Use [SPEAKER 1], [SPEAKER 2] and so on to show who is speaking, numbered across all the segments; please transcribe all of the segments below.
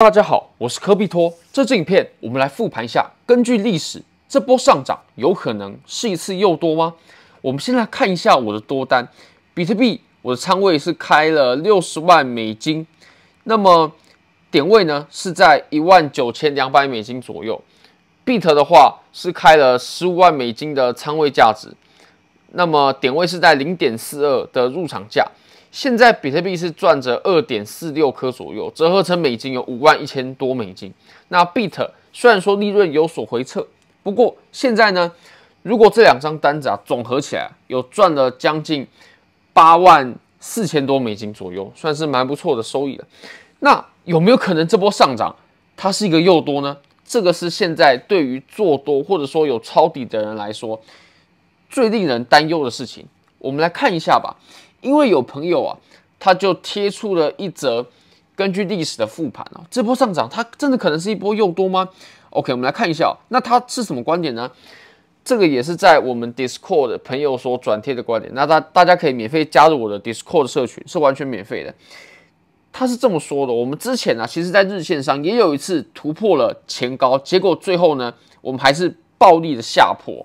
[SPEAKER 1] 大家好，我是科比托。這支影片我們來復盤一下，根據歷史，這波上漲有可能是一次誘多嗎？我們先來看一下我的多單，比特幣我的倉位是開了六十萬美金，那麼點位呢是在一萬九千兩百美金左右。Bit 的話是開了十五萬美金的倉位價值，那麼點位是在零點四二的入場價。現在比特幣是賺着二點四六顆左右，折合成美金有五萬一千多美金。那比特雖然說利潤有所回撤，不過現在呢，如果這兩張單子啊總合起來，有賺了將近八萬四千多美金左右，算是蠻不錯的收益了。那有沒有可能這波上漲它是一個誘多呢？這個是現在對於做多或者說有抄底的人來說最令人擔憂的事情。我們來看一下吧。因為有朋友啊，他就貼出了一則根據歷史的復盤啊，這波上漲它真的可能是一波誘多嗎？OK，我們來看一下，那他是什麼觀點呢？這個也是在我們 Discord 朋友所轉貼的觀點。那大大家可以免費加入我的 Discord 社群，是完全免費的。他是這麼說的：我們之前啊，其實在日線上也有一次突破了前高，結果最後呢，我們還是暴力的下破。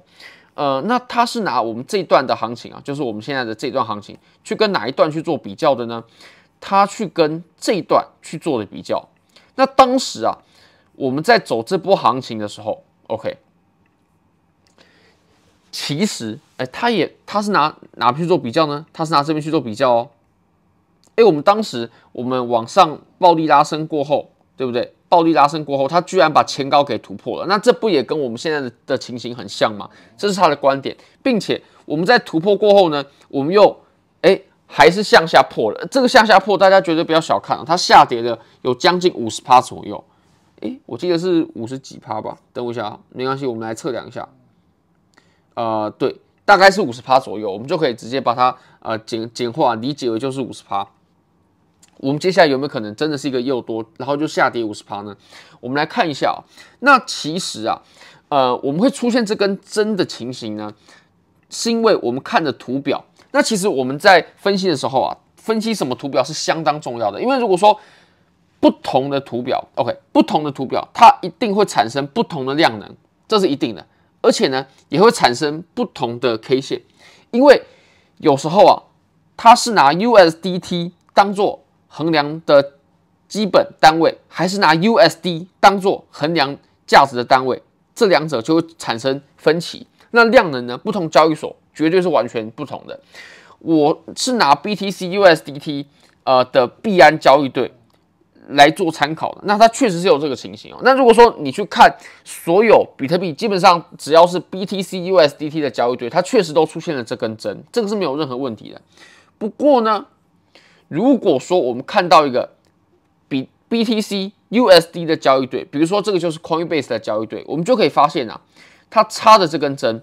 [SPEAKER 1] 呃，那他是拿我們這一段的行情啊，就是我們現在的這一段行情去跟哪一段去做比較的呢？他去跟這一段去做的比較。那當時啊，我們在走這波行情的時候，OK，其實，哎，他也他是拿哪邊去做比較呢？他是拿這邊去做比較哦。哎，我們當時我們往上暴力拉升過後，對不對？暴力拉升過後，它居然把前高給突破了，那這不也跟我們現在的的情形很像嗎？這是它的觀點，並且我們在突破過後呢，我們又誒、欸、還是向下破了。這個向下破大家絕對不要小看、啊，它下跌的有將近五十趴左右，誒、欸，我記得是五十幾趴吧？等我一下，沒關係，我們來測量一下。呃，對，大概是五十趴左右，我們就可以直接把它呃簡簡化理解為就是五十趴。我們接下來有沒有可能真的是一個誘多，然後就下跌五十趴呢？我們來看一下啊。那其實啊，呃，我們會出現這根針的情形呢，是因為我們看的圖表。那其實我們在分析的時候啊，分析什麼圖表是相當重要的，因為如果說不同的圖表，OK，不同的圖表，它一定會產生不同的量能，這是一定的。而且呢，也會產生不同的 K 線，因為有時候啊，它是拿 USDT 當做衡量的基本單位還是拿 USD 當做衡量價值的單位，這兩者就會產生分歧。那量能呢，不同交易所絕對是完全不同的。我是拿 BTCUSDT 呃的幣安交易對來做參考的，那它確實是有這個情形哦。那如果說你去看所有比特幣，基本上只要是 BTCUSDT 的交易對，它確實都出現了這根針，這個是沒有任何問題的。不過呢，如果說我們看到一個比 BTC USD 的交易對，比如說這個就是 Coinbase 的交易對，我們就可以發現啊，它插的這根針，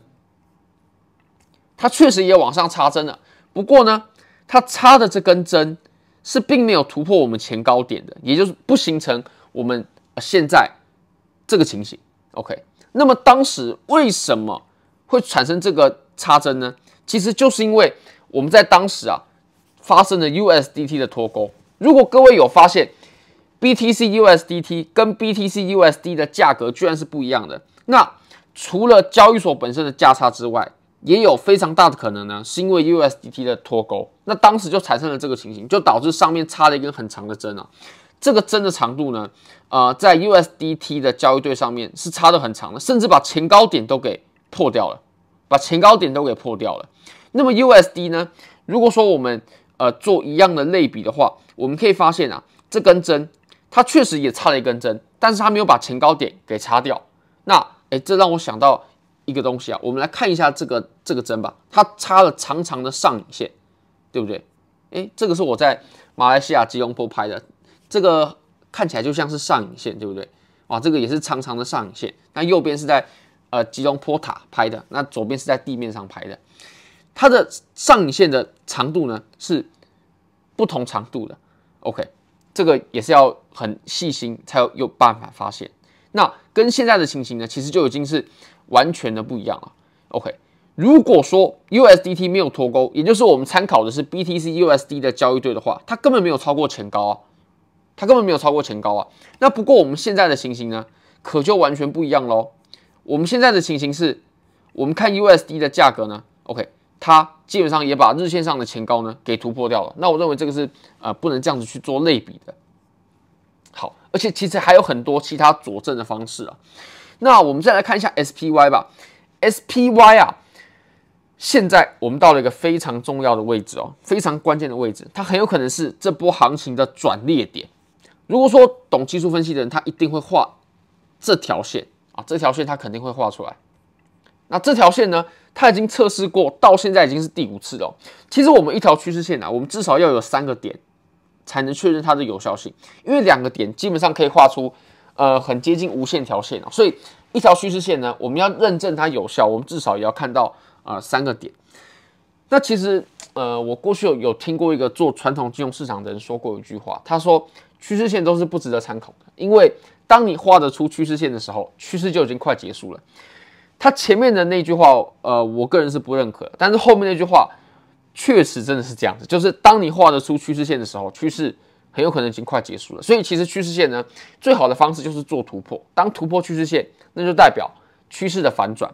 [SPEAKER 1] 它確實也往上插針了。不過呢，它插的這根針是並沒有突破我們前高點的，也就是不形成我們現在這個情形。OK，那麼當時為什麼會產生這個插針呢？其實就是因為我們在當時啊。發生了 USDT 的脫鈎。如果各位有發現，BTCUSDT 跟 BTCUSD 的價格居然是不一樣的，那除了交易所本身的價差之外，也有非常大的可能呢，是因為 USDT 的脫鈎。那當時就產生了這個情形，就導致上面插了一根很長的針啊。這個針的長度呢，啊、呃，在 USDT 的交易對上面是插的很長的，甚至把前高點都給破掉了，把前高點都給破掉了。那麼 USD 呢？如果說我們呃，做一樣的類比的話，我們可以發現啊，這根針它確實也插了一根針，但是它沒有把前高點給插掉。那，哎、欸，這讓我想到一個東西啊，我們來看一下這個這個針吧，它插了長長的上影線，對不對？哎、欸，這個是我在馬來西亞吉隆坡拍的，這個看起來就像是上影線，對不對？哇，這個也是長長的上影線。那右邊是在呃吉隆坡塔拍的，那左邊是在地面上拍的。它的上影線的長度呢，是不同長度的。OK，這個也是要很細心才有有辦法發現。那跟現在的情形呢，其實就已經是完全的不一樣了。OK，如果說 USDT 沒有脫鈎，也就是我們參考的是 BTC/USD 的交易對的話，它根本沒有超過前高啊，它根本沒有超過前高啊。那不過我們現在的情形呢，可就完全不一樣嘍。我們現在的情形是，我們看 USD 的價格呢，OK。它基本上也把日線上的前高呢給突破掉了，那我認為這個是呃不能這樣子去做類比的。好，而且其實還有很多其他佐證的方式啊。那我們再來看一下 SPY 吧，SPY 啊，現在我們到了一個非常重要的位置哦，非常關鍵的位置，它很有可能是這波行情的轉捩點。如果說懂技術分析的人，他一定會畫這條線啊，這條線他肯定會畫出來。那這條線呢？它已經測試過，到現在已經是第五次了。其實我們一條趨勢線呢、啊，我們至少要有三個點才能確認它的有效性，因為兩個點基本上可以畫出呃很接近無限條線了。所以一條趨勢線呢，我們要認證它有效，我們至少也要看到呃三個點。那其實呃，我過去有有聽過一個做傳統金融市場的人說過一句話，他說趨勢線都是不值得參考的，因為當你畫得出趨勢線的時候，趨勢就已經快結束了。他前面的那句話，呃，我個人是不認可，但是後面那句話確實真的是這樣子，就是當你畫得出趨勢線的時候，趨勢很有可能已經快結束了。所以其實趨勢線呢，最好的方式就是做突破。當突破趨勢線，那就代表趨勢的反轉。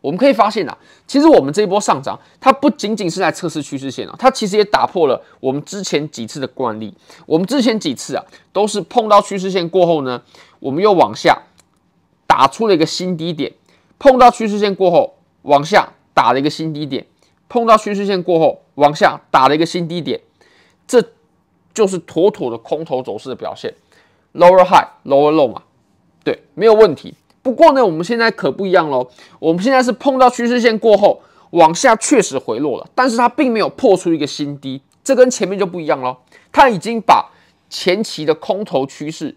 [SPEAKER 1] 我們可以發現啊，其實我們這一波上漲，它不僅僅是在測試趨勢線啊，它其實也打破了我們之前幾次的慣例。我們之前幾次啊，都是碰到趨勢線過後呢，我們又往下打出了一個新低點。碰到趨勢線過後，往下打了一個新低點；碰到趨勢線過後，往下打了一個新低點，這就是妥妥的空頭走勢的表現，lower high lower low 嘛，啊，對，沒有問題。不過呢，我們現在可不一樣嘍，我們現在是碰到趨勢線過後，往下確實回落了，但是它並沒有破出一個新低，這跟前面就不一樣嘍，它已經把前期的空頭趨勢。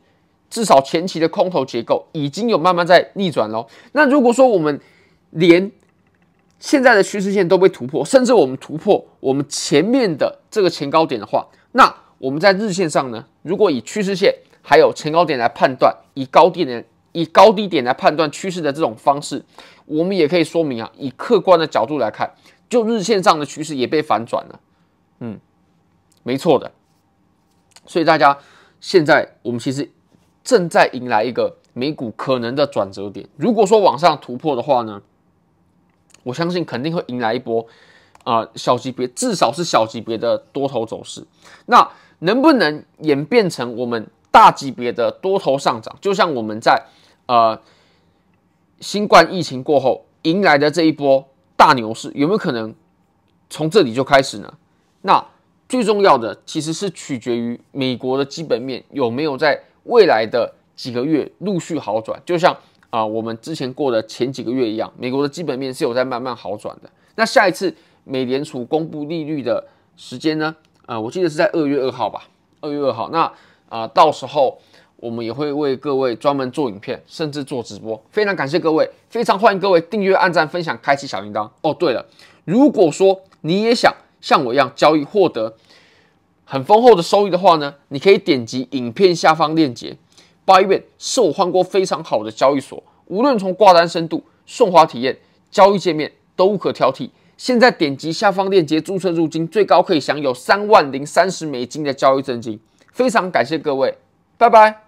[SPEAKER 1] 至少前期的空頭結構已經有慢慢在逆轉了。那如果說我們連現在的趨勢線都被突破，甚至我們突破我們前面的這個前高點的話，那我們在日線上呢，如果以趨勢線還有前高點來判斷，以高低點的以高低點來判斷趨勢的這種方式，我們也可以說明啊，以客觀的角度來看，就日線上的趨勢也被反轉了。嗯，沒錯的。所以大家現在我們其實。正在迎來一個美股可能的轉折點。如果說往上突破的話呢，我相信肯定會迎來一波啊、呃、小級別，至少是小級別的多頭走勢。那能不能演變成我們大級別的多頭上漲？就像我們在呃新冠疫情過後迎來的這一波大牛市，有沒有可能從這裡就開始呢？那最重要的其實是取決於美國的基本面有沒有在。未來的幾個月陸續好轉，就像啊、呃、我們之前過的前幾個月一樣，美國的基本面是有在慢慢好轉的。那下一次美聯儲公布利率的時間呢？啊、呃，我記得是在二月二號吧，二月二號。那啊、呃、到時候我們也會為各位專門做影片，甚至做直播。非常感謝各位，非常歡迎各位訂閱、按讚、分享、開啟小鈴鐺。哦，對了，如果說你也想像我一樣交易獲得。很豐厚的收益的話呢，你可以點擊影片下方鏈接。Bybit 是我換過非常好的交易所，無論從掛單深度、順滑體驗、交易界面都無可挑剔。現在點擊下方鏈接註冊入金，最高可以享有三萬零三十美金的交易贈金。非常感謝各位，拜拜。